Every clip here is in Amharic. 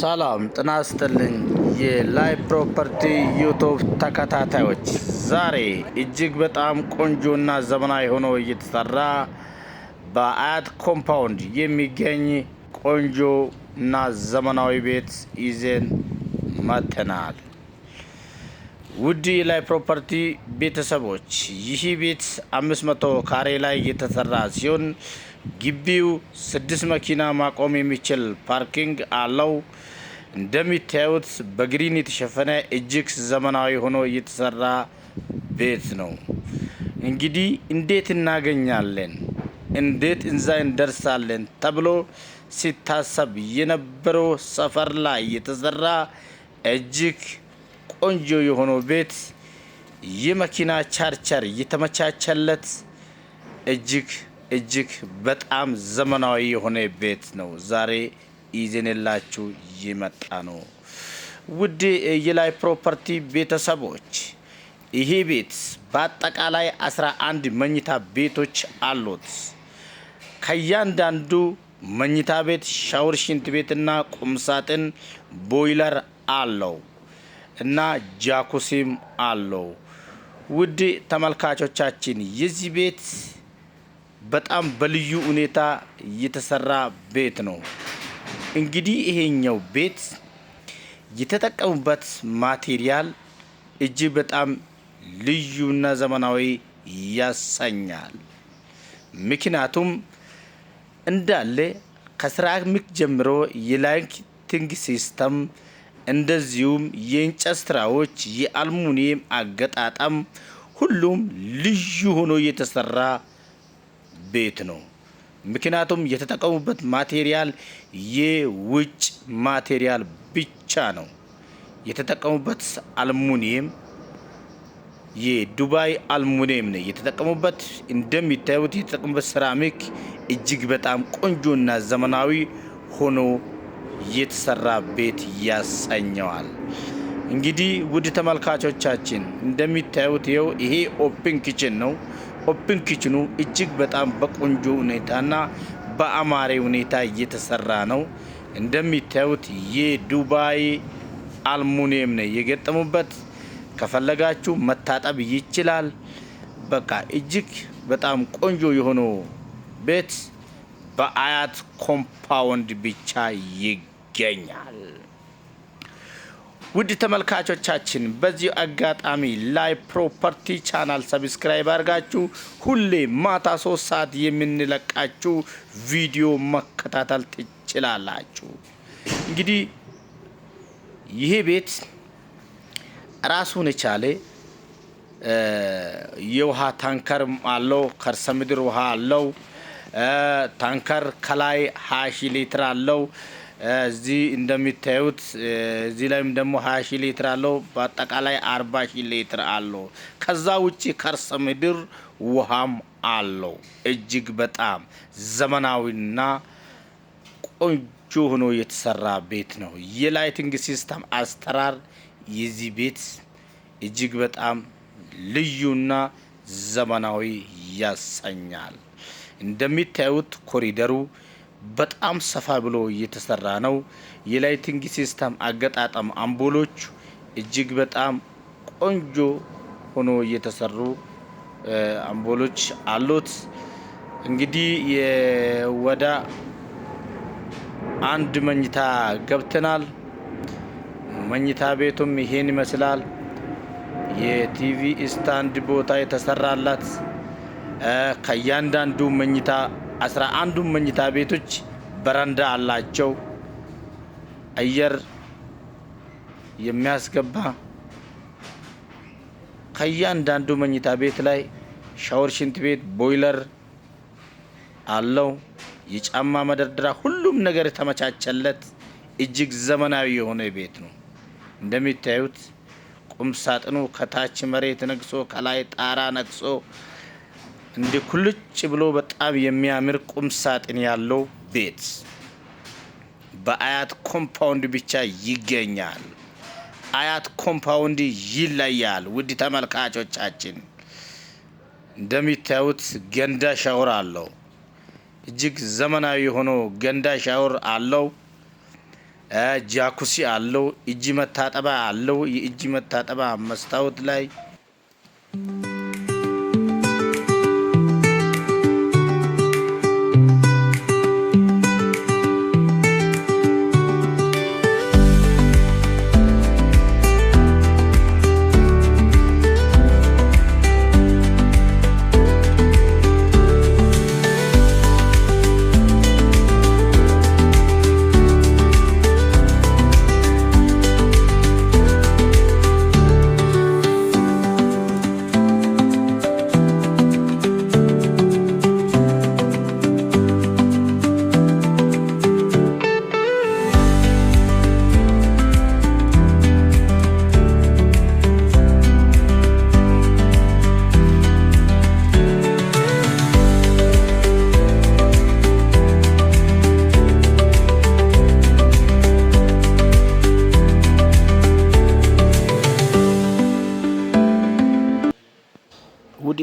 ሰላም ጥና ስጥልኝ የላይ ፕሮፐርቲ ዩቱብ ተከታታዮች፣ ዛሬ እጅግ በጣም ቆንጆና ዘመናዊ ሆኖ እየተሰራ በአያት ኮምፓውንድ የሚገኝ ቆንጆ ዘመናዊ ቤት ይዘን መጥተናል። ውድ የላይ ፕሮፐርቲ ቤተሰቦች ይህ ቤት መቶ ካሬ ላይ የተሰራ ሲሆን ግቢው ስድስት መኪና ማቆም የሚችል ፓርኪንግ አለው። እንደሚታዩት በግሪን የተሸፈነ እጅግ ዘመናዊ ሆኖ እየተሰራ ቤት ነው። እንግዲህ እንዴት እናገኛለን፣ እንዴት እንዛ እንደርሳለን ተብሎ ሲታሰብ የነበረው ሰፈር ላይ የተሰራ እጅግ ቆንጆ የሆነው ቤት የመኪና ቻርቸር የተመቻቸለት እጅግ እጅግ በጣም ዘመናዊ የሆነ ቤት ነው ዛሬ ይዘንላችሁ ይመጣ ነው። ውድ የላይ ፕሮፐርቲ ቤተሰቦች ይሄ ቤት በአጠቃላይ 11 መኝታ ቤቶች አሉት። ከእያንዳንዱ መኝታ ቤት ሻወር፣ ሽንት ቤትና ቁምሳጥን ቦይለር አለው እና ጃኩሲም አለው። ውድ ተመልካቾቻችን የዚህ ቤት በጣም በልዩ ሁኔታ የተሰራ ቤት ነው። እንግዲህ ይሄኛው ቤት የተጠቀሙበት ማቴሪያል እጅግ በጣም ልዩና ዘመናዊ ያሰኛል። ምክንያቱም እንዳለ ከሴራሚክ ጀምሮ የላይቲንግ ሲስተም፣ እንደዚሁም የእንጨት ስራዎች፣ የአልሙኒየም አገጣጠም ሁሉም ልዩ ሆኖ የተሰራ ቤት ነው። ምክንያቱም የተጠቀሙበት ማቴሪያል የውጭ ማቴሪያል ብቻ ነው። የተጠቀሙበት አልሙኒየም የዱባይ አልሙኒየም ነው የተጠቀሙበት። እንደሚታዩት የተጠቀሙበት ሴራሚክ እጅግ በጣም ቆንጆና ዘመናዊ ሆኖ የተሰራ ቤት ያሰኘዋል። እንግዲህ ውድ ተመልካቾቻችን እንደሚታዩት ይኸው ይሄ ኦፕን ኪችን ነው። ኦፕን ኪችኑ እጅግ በጣም በቆንጆ ሁኔታና በአማሬ ሁኔታ እየተሰራ ነው። እንደሚታዩት የዱባይ አልሙኒየም ነው የገጠሙበት። ከፈለጋችሁ መታጠብ ይችላል። በቃ እጅግ በጣም ቆንጆ የሆነው ቤት በአያት ኮምፓውንድ ብቻ ይገኛል። ውድ ተመልካቾቻችን በዚህ አጋጣሚ ላይ ፕሮፐርቲ ቻናል ሰብስክራይብ አድርጋችሁ ሁሌ ማታ ሶስት ሰዓት የምንለቃችሁ ቪዲዮ መከታተል ትችላላችሁ። እንግዲህ ይሄ ቤት ራሱን የቻለ የውሃ ታንከር አለው። ከርሰ ምድር ውሃ አለው። ታንከር ከላይ ሀሺ ሊትር አለው። እዚህ እንደሚታዩት እዚህ ላይም ደግሞ ሀያ ሺ ሊትር አለው። በአጠቃላይ አርባ ሺ ሊትር አለው። ከዛ ውጭ ከርሰ ምድር ውሃም አለው። እጅግ በጣም ዘመናዊና ቆንጆ ሆኖ የተሰራ ቤት ነው። የላይቲንግ ሲስተም አሰራር የዚህ ቤት እጅግ በጣም ልዩና ዘመናዊ ያሰኛል። እንደሚታዩት ኮሪደሩ በጣም ሰፋ ብሎ እየተሰራ ነው። የላይቲንግ ሲስተም አገጣጠም አምቦሎች እጅግ በጣም ቆንጆ ሆኖ እየተሰሩ አምቦሎች አሉት። እንግዲህ የወደ አንድ መኝታ ገብተናል። መኝታ ቤቱም ይሄን ይመስላል። የቲቪ ስታንድ ቦታ የተሰራላት ከእያንዳንዱ መኝታ አስራ አንዱም መኝታ ቤቶች በረንዳ አላቸው። አየር የሚያስገባ ከእያንዳንዱ መኝታ ቤት ላይ ሻወር፣ ሽንት ቤት፣ ቦይለር አለው። የጫማ መደርደሪያ፣ ሁሉም ነገር የተመቻቸለት እጅግ ዘመናዊ የሆነ ቤት ነው። እንደሚታዩት ቁም ሳጥኑ ከታች መሬት ነግሶ ከላይ ጣራ ነግሶ እንዲ ኩልጭ ብሎ በጣም የሚያምር ቁም ሳጥን ያለው ቤት በአያት ኮምፓውንድ ብቻ ይገኛል። አያት ኮምፓውንድ ይለያል። ውድ ተመልካቾቻችን እንደሚታዩት ገንዳ ሻወር አለው። እጅግ ዘመናዊ የሆኖ ገንዳ ሻወር አለው። ጃኩሲ አለው። እጅ መታጠቢያ አለው። የእጅ መታጠቢያ መስታወት ላይ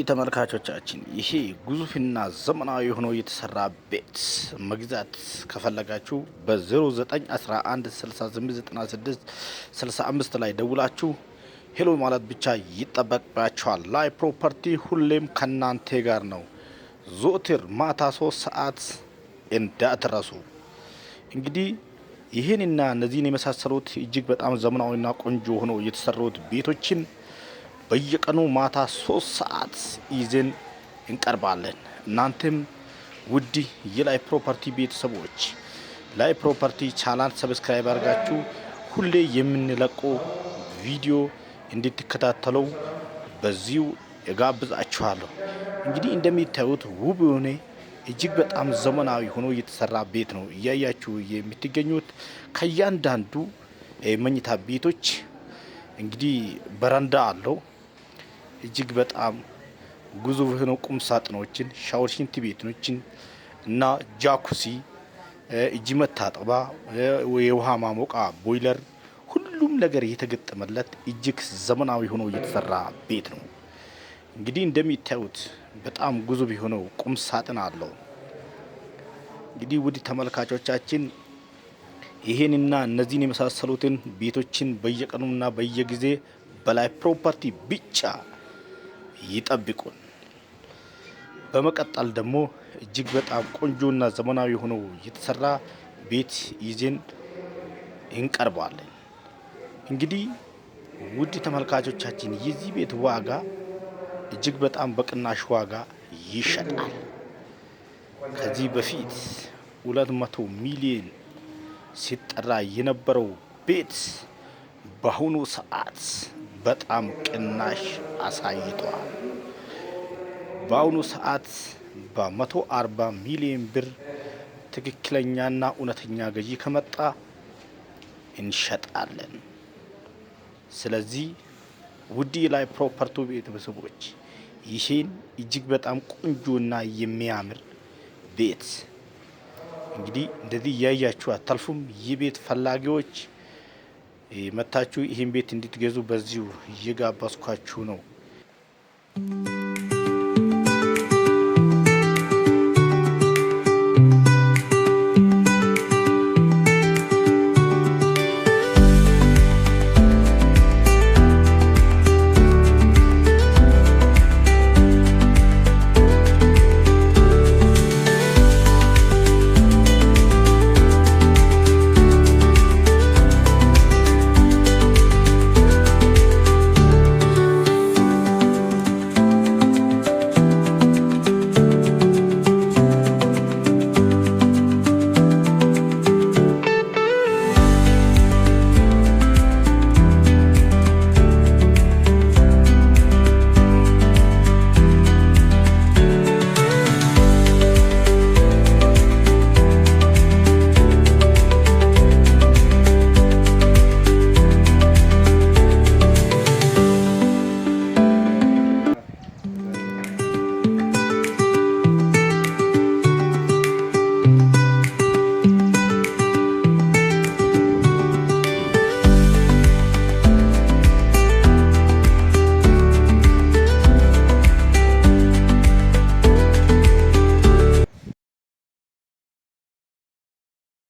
ተመልካቾቻችን ይሄ ግዙፍና ዘመናዊ ሆኖ የተሰራ ቤት መግዛት ከፈለጋችሁ በ0911689665 ላይ ደውላችሁ ሄሎ ማለት ብቻ ይጠበቅባችኋል። ላይ ፕሮፐርቲ ሁሌም ከናንቴ ጋር ነው። ዞትር ማታ ሶስት ሰዓት እንዳትረሱ። እንግዲህ ይህንና እነዚህን የመሳሰሉት እጅግ በጣም ዘመናዊና ቆንጆ ሆኖ የተሰሩት ቤቶችን በየቀኑ ማታ ሶስት ሰዓት ይዘን እንቀርባለን። እናንተም ውድ የላይ ፕሮፐርቲ ቤተሰቦች ላይ ፕሮፐርቲ ቻናል ሰብስክራይብ አድርጋችሁ ሁሌ የምንለቀው ቪዲዮ እንድትከታተለው በዚሁ እጋብዛችኋለሁ። እንግዲህ እንደሚታዩት ውብ የሆነ እጅግ በጣም ዘመናዊ ሆኖ የተሰራ ቤት ነው እያያችሁ የምትገኙት። ከእያንዳንዱ መኝታ ቤቶች እንግዲህ በረንዳ አለው። እጅግ በጣም ግዙፍ የሆኑ ቁም ሳጥኖችን፣ ሻወር፣ ሽንት ቤቶችን እና ጃኩሲ፣ እጅ መታጠባ፣ የውሃ ማሞቃ ቦይለር፣ ሁሉም ነገር የተገጠመለት እጅግ ዘመናዊ ሆኖ እየተሰራ ቤት ነው። እንግዲህ እንደሚታዩት በጣም ግዙፍ የሆነው ቁም ሳጥን አለው። እንግዲህ ውድ ተመልካቾቻችን ይሄንና እነዚህን የመሳሰሉትን ቤቶችን በየቀኑና በየጊዜ በላይ ፕሮፐርቲ ብቻ ይጠብቁን። በመቀጠል ደግሞ እጅግ በጣም ቆንጆና ዘመናዊ ሆኖ የተሰራ ቤት ይዘን እንቀርበዋለን። እንግዲህ ውድ ተመልካቾቻችን የዚህ ቤት ዋጋ እጅግ በጣም በቅናሽ ዋጋ ይሸጣል። ከዚህ በፊት 200 ሚሊዮን ሲጠራ የነበረው ቤት በአሁኑ ሰዓት በጣም ቅናሽ አሳይቷል። በአሁኑ ሰዓት በ140 ሚሊዮን ብር ትክክለኛና እውነተኛ ገዢ ከመጣ እንሸጣለን። ስለዚህ ውድ ላይ ፕሮፐርቱ ቤተሰቦች ይህን እጅግ በጣም ቆንጆና የሚያምር ቤት እንግዲህ እንደዚህ እያያችሁ አታልፉም። ይህ ቤት ፈላጊዎች መታችሁ ይህን ቤት እንድትገዙ በዚሁ እየጋበዝኳችሁ ነው።